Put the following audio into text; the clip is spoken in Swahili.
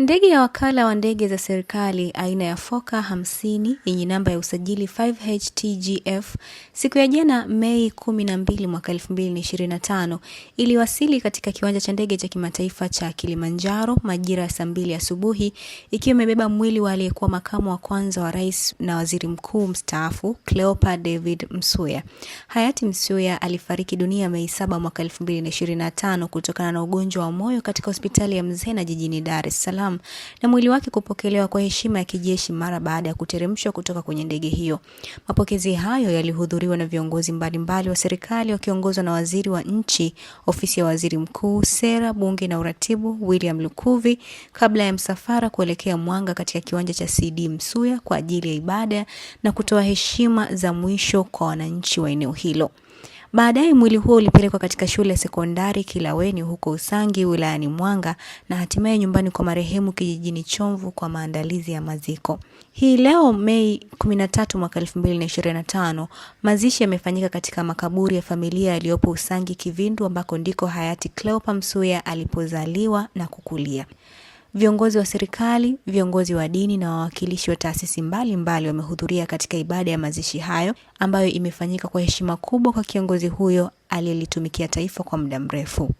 Ndege ya wakala wa ndege za serikali aina ya Fokker 50 yenye namba ya usajili 5HTGF siku ya jana Mei 12 mwaka 2025 iliwasili katika kiwanja cha ndege cha kimataifa cha Kilimanjaro majira ya saa mbili asubuhi ikiwa imebeba mwili wa aliyekuwa makamu wa kwanza wa rais na waziri mkuu mstaafu Cleopa David Msuya. Hayati Msuya alifariki dunia Mei 7 mwaka 2025 kutokana na ugonjwa wa moyo katika hospitali ya Mzena jijini Dar es Salaam. Salaam na mwili wake kupokelewa kwa heshima ya kijeshi mara baada ya kuteremshwa kutoka kwenye ndege hiyo. Mapokezi hayo yalihudhuriwa na viongozi mbalimbali wa serikali wakiongozwa na waziri wa nchi, ofisi ya waziri mkuu, sera, bunge na uratibu William Lukuvi, kabla ya msafara kuelekea Mwanga katika kiwanja cha CD Msuya kwa ajili ya ibada na kutoa heshima za mwisho kwa wananchi wa eneo hilo. Baadaye mwili huo ulipelekwa katika shule ya sekondari Kilaweni huko Usangi wilayani Mwanga na hatimaye nyumbani kwa marehemu kijijini Chomvu kwa maandalizi ya maziko. Hii leo Mei 13 mwaka 2025, mazishi yamefanyika katika makaburi ya familia yaliyopo Usangi Kivindu ambako ndiko hayati Cleopa Msuya alipozaliwa na kukulia. Viongozi wa serikali, viongozi wa dini na wawakilishi wa taasisi mbalimbali wamehudhuria katika ibada ya mazishi hayo ambayo imefanyika kwa heshima kubwa kwa kiongozi huyo aliyelitumikia taifa kwa muda mrefu.